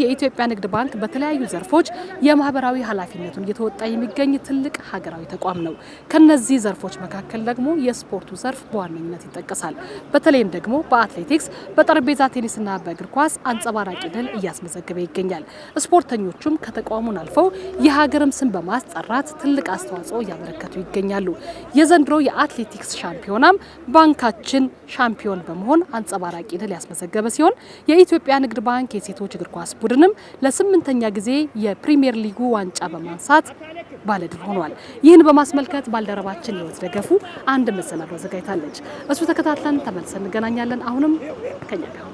የኢትዮጵያ ንግድ ባንክ በተለያዩ ዘርፎች የማህበራዊ ኃላፊነቱን እየተወጣ የሚገኝ ትልቅ ሀገራዊ ተቋም ነው። ከነዚህ ዘርፎች መካከል ደግሞ የስፖርቱ ዘርፍ በዋነኝነት ይጠቀሳል። በተለይም ደግሞ በአትሌቲክስ፣ በጠረጴዛ ቴኒስና በእግር ኳስ አንጸባራቂ ድል እያስመዘገበ ይገኛል። ስፖርተኞቹም ከተቋሙን አልፈው የሀገርም ስም በማስጠራት ትልቅ አስተዋጽኦ እያበረከቱ ይገኛሉ። የዘንድሮ የአትሌቲክስ ሻምፒዮናም ባንካችን ሻምፒዮን በመሆን አንጸባራቂ ድል ያስመዘገበ ሲሆን የኢትዮጵያ ንግድ ባንክ የሴቶች እግር ኳስ ቡድንም ለስምንተኛ ጊዜ የፕሪሚየር ሊጉ ዋንጫ በማንሳት ባለድል ሆኗል። ይህን በማስመልከት ባልደረባችን ህይወት ደገፉ አንድ መሰናዶ አዘጋጅታለች። እሱ ተከታትለን ተመልሰን እንገናኛለን። አሁንም ከኛ ጋር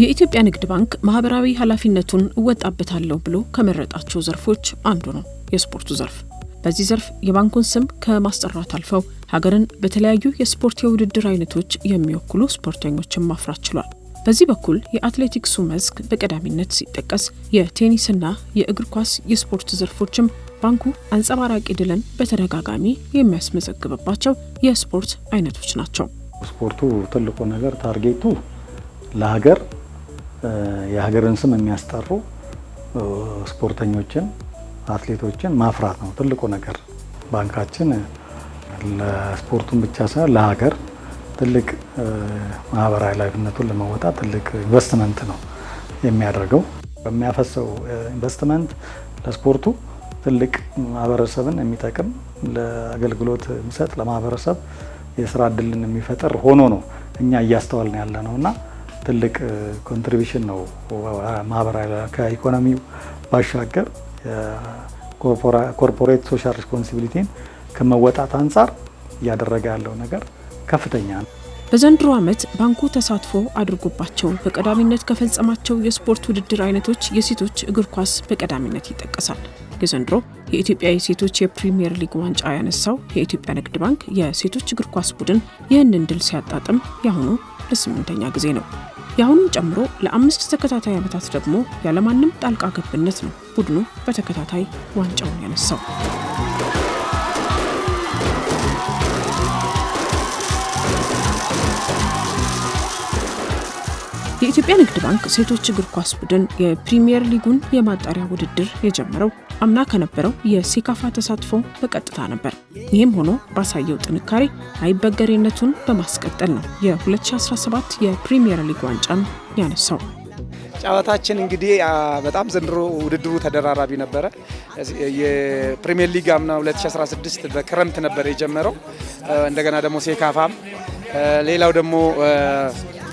የኢትዮጵያ ንግድ ባንክ ማህበራዊ ኃላፊነቱን እወጣበታለሁ ብሎ ከመረጣቸው ዘርፎች አንዱ ነው የስፖርቱ ዘርፍ። በዚህ ዘርፍ የባንኩን ስም ከማስጠራት አልፈው ሀገርን በተለያዩ የስፖርት የውድድር አይነቶች የሚወክሉ ስፖርተኞችን ማፍራት ችሏል። በዚህ በኩል የአትሌቲክሱ መስክ በቀዳሚነት ሲጠቀስ፣ የቴኒስና የእግር ኳስ የስፖርት ዘርፎችም ባንኩ አንጸባራቂ ድልን በተደጋጋሚ የሚያስመዘግብባቸው የስፖርት አይነቶች ናቸው። ስፖርቱ ትልቁ ነገር ታርጌቱ ለሀገር የሀገርን ስም የሚያስጠሩ ስፖርተኞችን አትሌቶችን ማፍራት ነው ትልቁ ነገር ባንካችን ለስፖርቱን ብቻ ሳይሆን ለሀገር ትልቅ ማህበራዊ ኃላፊነቱን ለመወጣት ትልቅ ኢንቨስትመንት ነው የሚያደርገው። በሚያፈሰው ኢንቨስትመንት ለስፖርቱ ትልቅ ማህበረሰብን የሚጠቅም ለአገልግሎት የሚሰጥ ለማህበረሰብ የስራ እድልን የሚፈጥር ሆኖ ነው እኛ ነው ያለ ነው እና ትልቅ ኮንትሪቢሽን ነው ማህበራዊ ከኢኮኖሚው ባሻገር ኮርፖሬት ሶሻል ሪስፖንሲቢሊቲን ከመወጣት አንጻር እያደረገ ያለው ነገር ከፍተኛ ነው። በዘንድሮ ዓመት ባንኩ ተሳትፎ አድርጎባቸው በቀዳሚነት ከፈጸማቸው የስፖርት ውድድር አይነቶች የሴቶች እግር ኳስ በቀዳሚነት ይጠቀሳል። የዘንድሮ የኢትዮጵያ የሴቶች የፕሪምየር ሊግ ዋንጫ ያነሳው የኢትዮጵያ ንግድ ባንክ የሴቶች እግር ኳስ ቡድን ይህንን ድል ሲያጣጥም የአሁኑ ለስምንተኛ ጊዜ ነው። የአሁኑን ጨምሮ ለአምስት ተከታታይ ዓመታት ደግሞ ያለማንም ጣልቃ ገብነት ነው ቡድኑ በተከታታይ ዋንጫውን ያነሳው። የኢትዮጵያ ንግድ ባንክ ሴቶች እግር ኳስ ቡድን የፕሪምየር ሊጉን የማጣሪያ ውድድር የጀመረው አምና ከነበረው የሴካፋ ተሳትፎ በቀጥታ ነበር። ይህም ሆኖ ባሳየው ጥንካሬ አይበገሬነቱን በማስቀጠል ነው የ2017 የፕሪምየር ሊግ ዋንጫን ያነሳው። ጨዋታችን እንግዲህ በጣም ዘንድሮ ውድድሩ ተደራራቢ ነበረ። የፕሪምየር ሊግ አምና 2016 በክረምት ነበር የጀመረው። እንደገና ደግሞ ሴካፋም ሌላው ደግሞ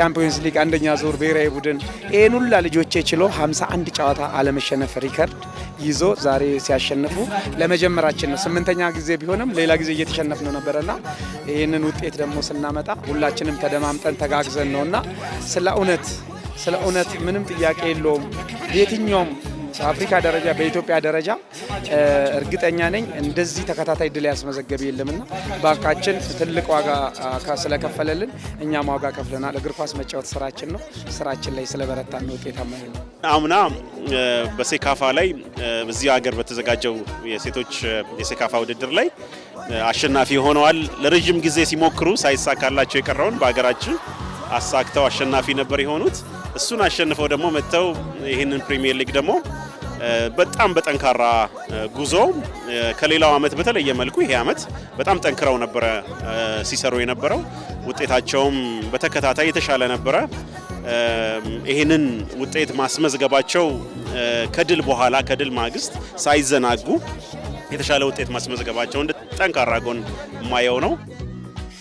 ቻምፒዮንስ ሊግ አንደኛ ዙር ብሔራዊ ቡድን ይህን ሁላ ልጆቼ ችሎ 51 ጨዋታ አለመሸነፍ ሪከርድ ይዞ ዛሬ ሲያሸንፉ ለመጀመራችን ነው። ስምንተኛ ጊዜ ቢሆንም ሌላ ጊዜ እየተሸነፍ ነው ነበረና ይህንን ውጤት ደግሞ ስናመጣ ሁላችንም ተደማምጠን ተጋግዘን ነውና ስለ እውነት ስለ እውነት ምንም ጥያቄ የለውም የትኛውም በአፍሪካ ደረጃ በኢትዮጵያ ደረጃ እርግጠኛ ነኝ እንደዚህ ተከታታይ ድል ያስመዘገብ የለምና ባንካችን ትልቅ ዋጋ ስለከፈለልን እኛም ዋጋ ከፍለናል። እግር ኳስ መጫወት ስራችን ነው። ስራችን ላይ ስለበረታ ነው ውጤታማ ነው። አምና በሴካፋ ላይ በዚህ ሀገር በተዘጋጀው የሴቶች የሴካፋ ውድድር ላይ አሸናፊ ሆነዋል። ለረዥም ጊዜ ሲሞክሩ ሳይሳካላቸው የቀረውን በሀገራችን አሳክተው አሸናፊ ነበር የሆኑት። እሱን አሸንፈው ደግሞ መጥተው ይህንን ፕሪሚየር ሊግ ደግሞ በጣም በጠንካራ ጉዞ ከሌላው አመት በተለየ መልኩ ይሄ አመት በጣም ጠንክረው ነበረ ሲሰሩ የነበረው ውጤታቸውም በተከታታይ የተሻለ ነበረ። ይህንን ውጤት ማስመዝገባቸው ከድል በኋላ ከድል ማግስት ሳይዘናጉ የተሻለ ውጤት ማስመዝገባቸው ጠንካራ ጎን የማየው ነው።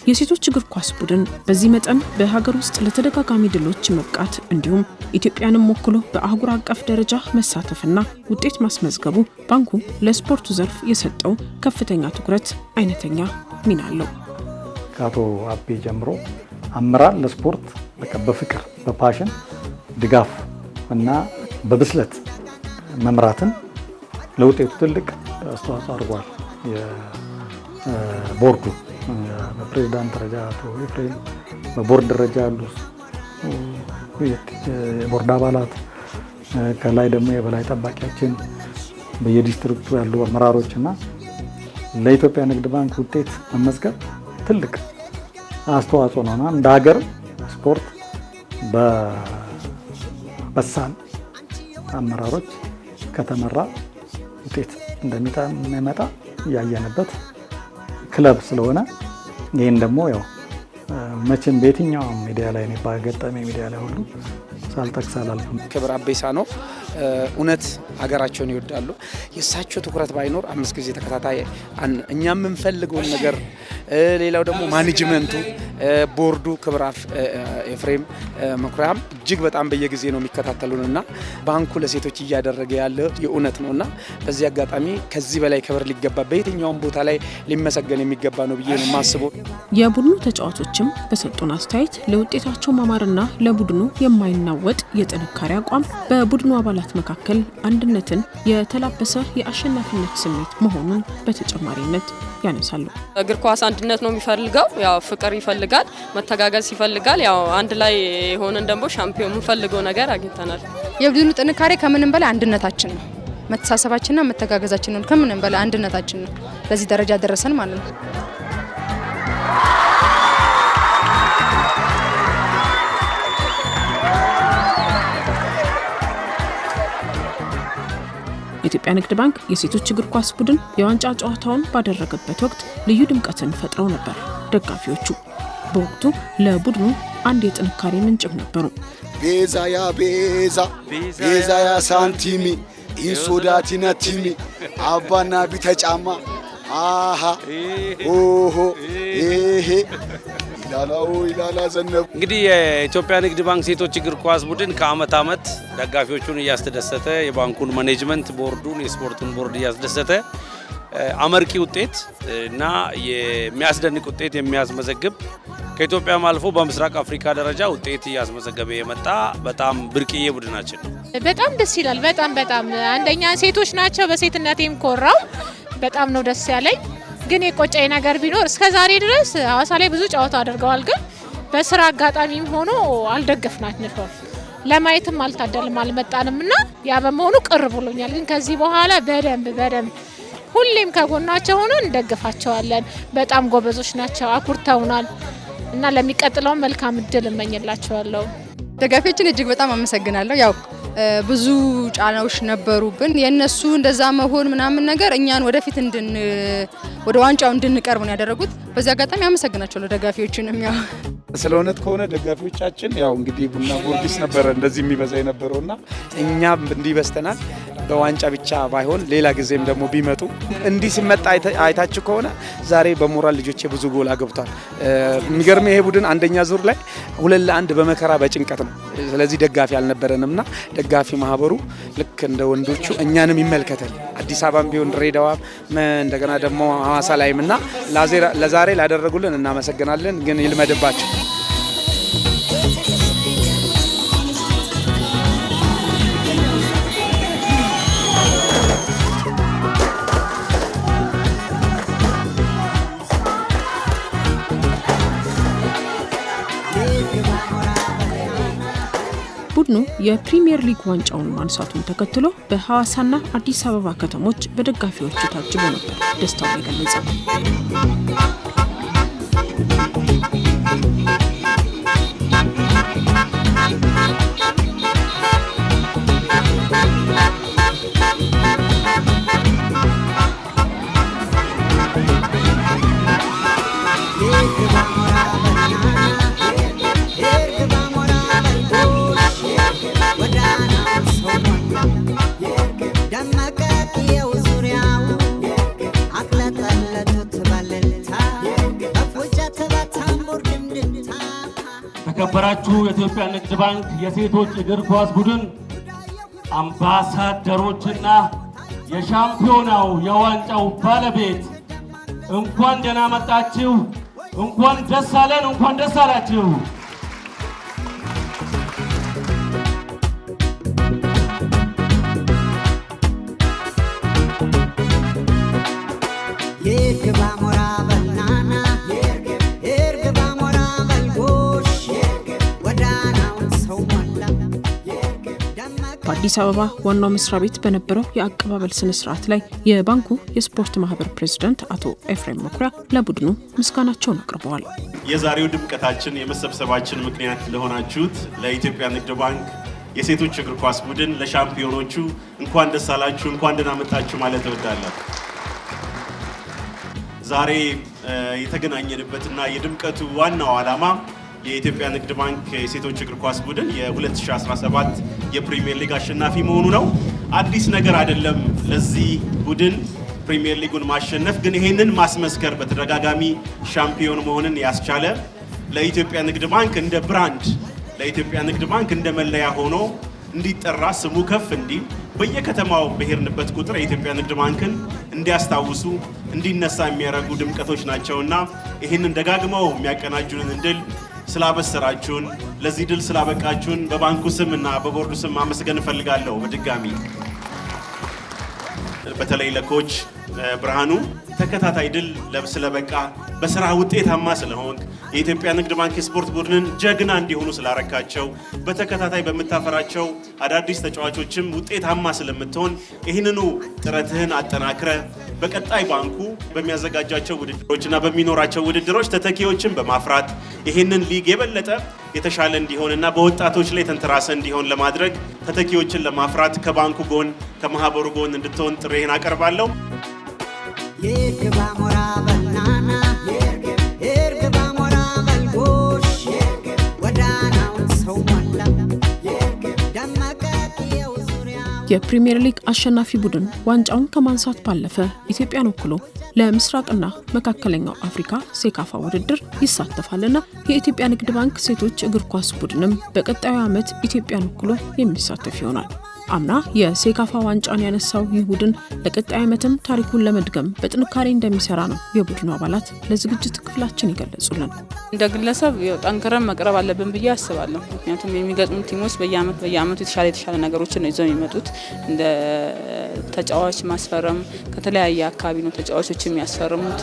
የሴቶች እግር ኳስ ቡድን በዚህ መጠን በሀገር ውስጥ ለተደጋጋሚ ድሎች መብቃት እንዲሁም ኢትዮጵያንም ወክሎ በአህጉር አቀፍ ደረጃ መሳተፍና ውጤት ማስመዝገቡ ባንኩ ለስፖርቱ ዘርፍ የሰጠው ከፍተኛ ትኩረት አይነተኛ ሚና አለው። ከአቶ አቤ ጀምሮ አመራር ለስፖርት በፍቅር በፓሽን ድጋፍ እና በብስለት መምራትን ለውጤቱ ትልቅ አስተዋጽኦ አድርጓል። ቦርዱ በፕሬዚዳንት ደረጃ አቶ ኤፍሬም፣ በቦርድ ደረጃ ያሉ የቦርድ አባላት፣ ከላይ ደግሞ የበላይ ጠባቂያችን፣ በየዲስትሪክቱ ያሉ አመራሮች እና ለኢትዮጵያ ንግድ ባንክ ውጤት መመዝገብ ትልቅ አስተዋጽኦ ነው እና እንደ ሀገር ስፖርት በበሳል አመራሮች ከተመራ ውጤት እንደሚመጣ እያየንበት ክለብ ስለሆነ ይህን ደግሞ ያው መቼም በየትኛውም ሚዲያ ላይ እኔ ባገጠመኝ ሚዲያ ላይ ሁሉ ሳልጠቅስ አላልፍም። ክብር አቤሳ ነው። እውነት ሀገራቸውን ይወዳሉ። የእሳቸው ትኩረት ባይኖር አምስት ጊዜ ተከታታይ እኛ የምንፈልገውን ነገር ሌላው ደግሞ ማኔጅመንቱ ቦርዱ ክብራፍ ኤፍሬም መኩሪያም እጅግ በጣም በየጊዜ ነው የሚከታተሉን እና ባንኩ ለሴቶች እያደረገ ያለ የእውነት ነው እና በዚህ አጋጣሚ ከዚህ በላይ ክብር ሊገባ በየትኛውም ቦታ ላይ ሊመሰገን የሚገባ ነው ብዬ ነው የማስበው። የቡድኑ ተጫዋቾችም በሰጡን አስተያየት ለውጤታቸው ማማርና ለቡድኑ የማይናወጥ የጥንካሬ አቋም በቡድኑ አባላት መካከል አንድነትን የተላበሰ የአሸናፊነት ስሜት መሆኑን በተጨማሪነት ያነሳሉ። እግር ኳስ አንድነት ነው የሚፈልገው፣ ያው ፍቅር ይፈልጋል፣ መተጋገዝ ይፈልጋል። ያው አንድ ላይ የሆነን ደግሞ ሻምፒዮን የምንፈልገው ነገር አግኝተናል። የቡድኑ ጥንካሬ ከምንም በላይ አንድነታችን ነው፣ መተሳሰባችንና መተጋገዛችን ነው። ከምንም በላይ አንድነታችን ነው። ለዚህ ደረጃ ደረሰን ማለት ነው። የኢትዮጵያ ንግድ ባንክ የሴቶች እግር ኳስ ቡድን የዋንጫ ጨዋታውን ባደረገበት ወቅት ልዩ ድምቀትን ፈጥረው ነበር ደጋፊዎቹ። በወቅቱ ለቡድኑ አንድ የጥንካሬ ምንጭም ነበሩ። ቤዛያ ቤዛ ቤዛያ ሳንቲሚ ኢንሶዳቲና ቲሚ አባና ቢተጫማ አሃ ኦሆ ይሄ ኢላላው ኢላላ ዘነብ እንግዲህ የኢትዮጵያ ንግድ ባንክ ሴቶች እግር ኳስ ቡድን ከአመት አመት ደጋፊዎቹን እያስደሰተ የባንኩን ማኔጅመንት ቦርዱን የስፖርቱን ቦርድ እያስደሰተ አመርቂ ውጤት እና የሚያስደንቅ ውጤት የሚያስመዘግብ ከኢትዮጵያም አልፎ በምስራቅ አፍሪካ ደረጃ ውጤት እያስመዘገበ የመጣ በጣም ብርቅዬ ቡድናችን በጣም ደስ ይላል። በጣም በጣም አንደኛ ሴቶች ናቸው። በሴትነቴም ኮራው። በጣም ነው ደስ ያለኝ። ግን የቆጨኝ ነገር ቢኖር እስከ ዛሬ ድረስ ሀዋሳ ላይ ብዙ ጨዋታ አድርገዋል፣ ግን በስራ አጋጣሚም ሆኖ አልደገፍናት ንፈው ለማየትም አልታደልም አልመጣንም እና ያ በመሆኑ ቅር ብሎኛል። ግን ከዚህ በኋላ በደንብ በደንብ ሁሌም ከጎናቸው ሆነን እንደግፋቸዋለን። በጣም ጎበዞች ናቸው፣ አኩርተውናል እና ለሚቀጥለውን መልካም እድል እመኝላቸዋለሁ። ደጋፊዎችን እጅግ በጣም አመሰግናለሁ። ያው ብዙ ጫናዎች ነበሩብን። የእነሱ እንደዛ መሆን ምናምን ነገር እኛን ወደፊት እንድን ወደ ዋንጫው እንድንቀርብ ነው ያደረጉት። በዚህ አጋጣሚ አመሰግናቸዋለሁ ደጋፊዎችንም። ያው ስለ እውነት ከሆነ ደጋፊዎቻችን ያው እንግዲህ ቡና ጊዮርጊስ ነበረ እንደዚህ የሚበዛ የነበረውና እኛ እንዲህ በስተናል በዋንጫ ብቻ ባይሆን ሌላ ጊዜም ደግሞ ቢመጡ እንዲህ ሲመጣ አይታችሁ ከሆነ ዛሬ በሞራል ልጆቼ ብዙ ጎል አገብቷል። የሚገርም ይሄ ቡድን አንደኛ ዙር ላይ ሁለት ለአንድ በመከራ በጭንቀት ነው። ስለዚህ ደጋፊ አልነበረንም ና ደጋፊ ማህበሩ ልክ እንደ ወንዶቹ እኛንም ይመልከተል። አዲስ አበባም ቢሆን ድሬዳዋ፣ እንደገና ደግሞ ሀዋሳ ላይም እና ለዛሬ ላደረጉልን እናመሰግናለን። ግን ይልመድባቸው። ቡድኑ የፕሪምየር ሊግ ዋንጫውን ማንሳቱን ተከትሎ በሐዋሳና አዲስ አበባ ከተሞች በደጋፊዎቹ ታጅቦ ነበር ደስታውን የገለጸው። የተከበራችሁ የኢትዮጵያ ንግድ ባንክ የሴቶች እግር ኳስ ቡድን አምባሳደሮችና የሻምፒዮናው የዋንጫው ባለቤት እንኳን ደህና መጣችሁ፣ እንኳን ደስ አለን፣ እንኳን ደስ አላችሁ። በአዲስ አበባ ዋናው መስሪያ ቤት በነበረው የአቀባበል ስነ ስርዓት ላይ የባንኩ የስፖርት ማህበር ፕሬዚደንት አቶ ኤፍሬም መኩሪያ ለቡድኑ ምስጋናቸውን አቅርበዋል። የዛሬው ድምቀታችን የመሰብሰባችን ምክንያት ለሆናችሁት ለኢትዮጵያ ንግድ ባንክ የሴቶች እግር ኳስ ቡድን ለሻምፒዮኖቹ እንኳን ደስ አላችሁ፣ እንኳን ደህና መጣችሁ ማለት እወዳለሁ። ዛሬ የተገናኘንበትና የድምቀቱ ዋናው ዓላማ የኢትዮጵያ ንግድ ባንክ የሴቶች እግር ኳስ ቡድን የ2017 የፕሪሚየር ሊግ አሸናፊ መሆኑ ነው። አዲስ ነገር አይደለም ለዚህ ቡድን ፕሪሚየር ሊጉን ማሸነፍ፣ ግን ይሄንን ማስመስከር በተደጋጋሚ ሻምፒዮን መሆንን ያስቻለ ለኢትዮጵያ ንግድ ባንክ እንደ ብራንድ ለኢትዮጵያ ንግድ ባንክ እንደ መለያ ሆኖ እንዲጠራ ስሙ ከፍ እንዲል በየከተማው በሄድንበት ቁጥር የኢትዮጵያ ንግድ ባንክን እንዲያስታውሱ እንዲነሳ የሚያደርጉ ድምቀቶች ናቸውና ይህንን ደጋግመው የሚያቀናጁንን እንድል ስላበሰራችሁን፣ ለዚህ ድል ስላበቃችሁን በባንኩ ስም እና በቦርዱ ስም ማመስገን እፈልጋለሁ። በድጋሚ በተለይ ለኮች ብርሃኑ ተከታታይ ድል ስለበቃ በስራ ውጤታማ ስለሆንክ የኢትዮጵያ ንግድ ባንክ የስፖርት ቡድንን ጀግና እንዲሆኑ ስላረካቸው በተከታታይ በምታፈራቸው አዳዲስ ተጫዋቾችም ውጤታማ ስለምትሆን ይህንኑ ጥረትህን አጠናክረ በቀጣይ ባንኩ በሚያዘጋጃቸው ውድድሮች በሚኖራቸው ውድድሮች ተተኪዎችን በማፍራት ይህንን ሊግ የበለጠ የተሻለ እንዲሆን እና በወጣቶች ላይ ተንተራሰ እንዲሆን ለማድረግ ተተኪዎችን ለማፍራት ከባንኩ ጎን ከማህበሩ ጎን እንድትሆን ጥሬህን አቀርባለሁ። የፕሪምየር ሊግ አሸናፊ ቡድን ዋንጫውን ከማንሳት ባለፈ ኢትዮጵያን ወክሎ ለምስራቅና መካከለኛው አፍሪካ ሴካፋ ውድድር ይሳተፋልና የኢትዮጵያ ንግድ ባንክ ሴቶች እግር ኳስ ቡድንም በቀጣዩ ዓመት ኢትዮጵያን ወክሎ የሚሳተፍ ይሆናል። አምና የሴካፋ ዋንጫን ያነሳው ይህ ቡድን ለቀጣይ ዓመትም ታሪኩን ለመድገም በጥንካሬ እንደሚሰራ ነው የቡድኑ አባላት ለዝግጅት ክፍላችን ይገለጹልን እንደ ግለሰብ ጠንክረን መቅረብ አለብን ብዬ አስባለሁ። ምክንያቱም የሚገጥሙ ቲሞች በየአመት በየአመቱ የተሻለ የተሻለ ነገሮችን ነው ይዘው የሚመጡት። እንደ ተጫዋች ማስፈረም ከተለያየ አካባቢ ነው ተጫዋቾች የሚያስፈርሙት።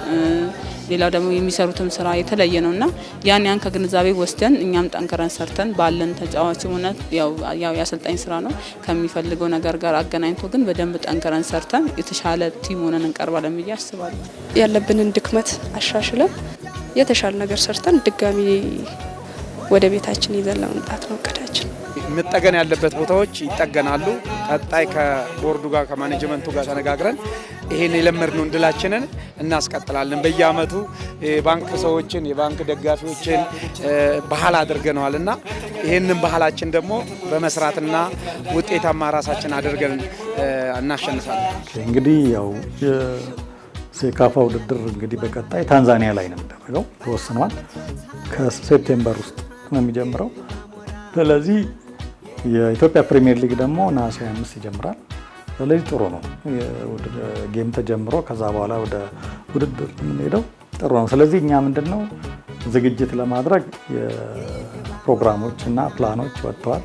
ሌላው ደግሞ የሚሰሩትም ስራ የተለየ ነው እና ያን ያን ከግንዛቤ ወስደን እኛም ጠንክረን ሰርተን ባለን ተጫዋች ሆነ ያው የአሰልጣኝ ስራ ነው ከሚ ከምንፈልገው ነገር ጋር አገናኝቶ ግን በደንብ ጠንክረን ሰርተን የተሻለ ቲም ሆነን እንቀርባለን ብዬ አስባለሁ። ያለብንን ድክመት አሻሽለን የተሻለ ነገር ሰርተን ድጋሚ ወደ ቤታችን ይዘን ለመምጣት ነው እቅዳችን። መጠገን ያለበት ቦታዎች ይጠገናሉ። ቀጣይ ከቦርዱ ጋር ከማኔጅመንቱ ጋር ተነጋግረን ይሄን የለመድነውን ድላችንን እናስቀጥላለን። በየአመቱ የባንክ ሰዎችን የባንክ ደጋፊዎችን ባህል አድርገነዋል እና ይህንን ባህላችን ደግሞ በመስራትና ውጤታማ ራሳችን አድርገን እናሸንፋለን። እንግዲህ ያው ሴካፋ ውድድር እንግዲህ በቀጣይ ታንዛኒያ ላይ ነው የሚደረገው ተወስኗል። ከሴፕቴምበር ውስጥ ነው የሚጀምረው። ስለዚህ የኢትዮጵያ ፕሪሚየር ሊግ ደግሞ ነሐሴ 25 ይጀምራል። ስለዚህ ጥሩ ነው። ጌም ተጀምሮ ከዛ በኋላ ወደ ውድድር የምንሄደው ጥሩ ነው። ስለዚህ እኛ ምንድን ነው ዝግጅት ለማድረግ ፕሮግራሞች እና ፕላኖች ወጥተዋል።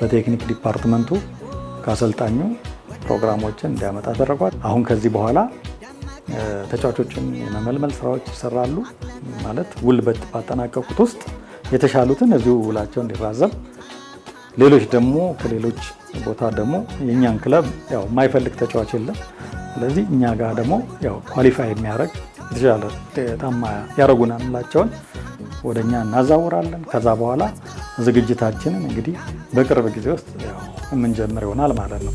በቴክኒክ ዲፓርትመንቱ ከአሰልጣኙ ፕሮግራሞችን እንዲያመጣ ተደርጓል። አሁን ከዚህ በኋላ ተጫዋቾችን የመመልመል ስራዎች ይሰራሉ። ማለት ውል ባጠናቀቁት ውስጥ የተሻሉትን እዚሁ ውላቸው እንዲራዘም፣ ሌሎች ደግሞ ከሌሎች ቦታ ደግሞ የእኛን ክለብ ያው የማይፈልግ ተጫዋች የለም። ስለዚህ እኛ ጋር ደግሞ ያው ኳሊፋይ የሚያደርግ የተሻለ ውጤታማ ያደረጉናል ላቸውን ወደ እኛ እናዛውራለን። ከዛ በኋላ ዝግጅታችንን እንግዲህ በቅርብ ጊዜ ውስጥ የምንጀምር ይሆናል ማለት ነው።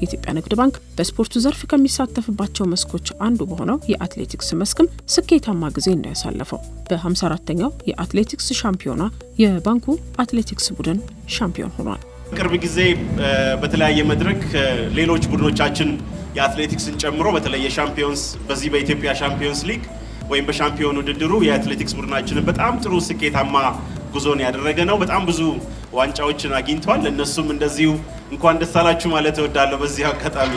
የኢትዮጵያ ንግድ ባንክ በስፖርቱ ዘርፍ ከሚሳተፍባቸው መስኮች አንዱ በሆነው የአትሌቲክስ መስክም ስኬታማ ጊዜ እንዳያሳለፈው በ 54 ተኛው የአትሌቲክስ ሻምፒዮና የባንኩ አትሌቲክስ ቡድን ሻምፒዮን ሆኗል። ቅርብ ጊዜ በተለያየ መድረክ ሌሎች ቡድኖቻችን የአትሌቲክስን ጨምሮ በተለይ የሻምፒዮንስ በዚህ በኢትዮጵያ ሻምፒዮንስ ሊግ ወይም በሻምፒዮን ውድድሩ የአትሌቲክስ ቡድናችንን በጣም ጥሩ ስኬታማ ጉዞን ያደረገ ነው። በጣም ብዙ ዋንጫዎችን አግኝተዋል። እነሱም እንደዚሁ እንኳን ደስ አላችሁ ማለት እወዳለሁ በዚህ አጋጣሚ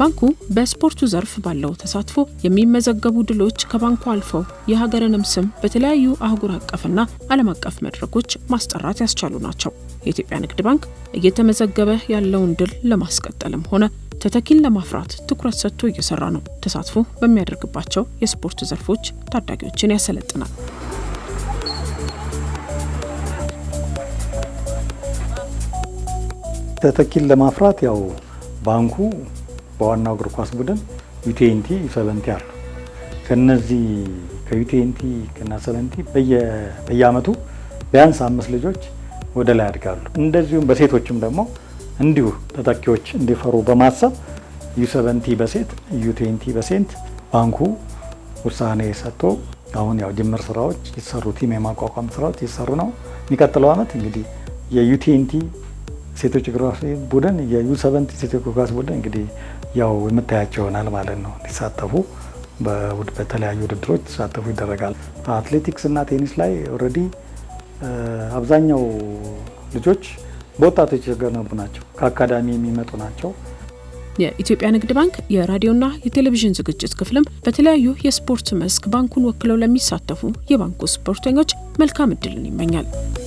ባንኩ በስፖርቱ ዘርፍ ባለው ተሳትፎ የሚመዘገቡ ድሎች ከባንኩ አልፈው የሀገርንም ስም በተለያዩ አህጉር አቀፍና ዓለም አቀፍ መድረኮች ማስጠራት ያስቻሉ ናቸው። የኢትዮጵያ ንግድ ባንክ እየተመዘገበ ያለውን ድል ለማስቀጠልም ሆነ ተተኪን ለማፍራት ትኩረት ሰጥቶ እየሰራ ነው። ተሳትፎ በሚያደርግባቸው የስፖርት ዘርፎች ታዳጊዎችን ያሰለጥናል። ተተኪን ለማፍራት ያው ባንኩ በዋናው እግር ኳስ ቡድን ዩቲኤንቲ ሰቨንቲ አሉ። ከነዚህ ከዩቲኤንቲ እና ሰቨንቲ በየአመቱ ቢያንስ አምስት ልጆች ወደ ላይ ያድጋሉ። እንደዚሁም በሴቶችም ደግሞ እንዲሁ ተተኪዎች እንዲፈሩ በማሰብ ዩ ሰቨንቲ በሴት ዩቲኤንቲ በሴንት ባንኩ ውሳኔ ሰጥቶ አሁን ያው ጅምር ስራዎች ይሰሩ ቲም የማቋቋም ስራዎች ይሰሩ ነው። የሚቀጥለው አመት እንግዲህ የዩቲኤንቲ ሴቶች እግር ኳስ ቡድን የዩ ሰቨንቲ ሴቶች እግር ኳስ ቡድን እንግዲህ ያው የምታያቸው ይሆናል ማለት ነው። እንዲሳተፉ በተለያዩ ውድድሮች ተሳተፉ ይደረጋል። አትሌቲክስ እና ቴኒስ ላይ ኦልሬዲ አብዛኛው ልጆች በወጣቶች የተገነቡ ናቸው፣ ከአካዳሚ የሚመጡ ናቸው። የኢትዮጵያ ንግድ ባንክ የራዲዮና የቴሌቪዥን ዝግጅት ክፍልም በተለያዩ የስፖርት መስክ ባንኩን ወክለው ለሚሳተፉ የባንኩ ስፖርተኞች መልካም እድልን ይመኛል።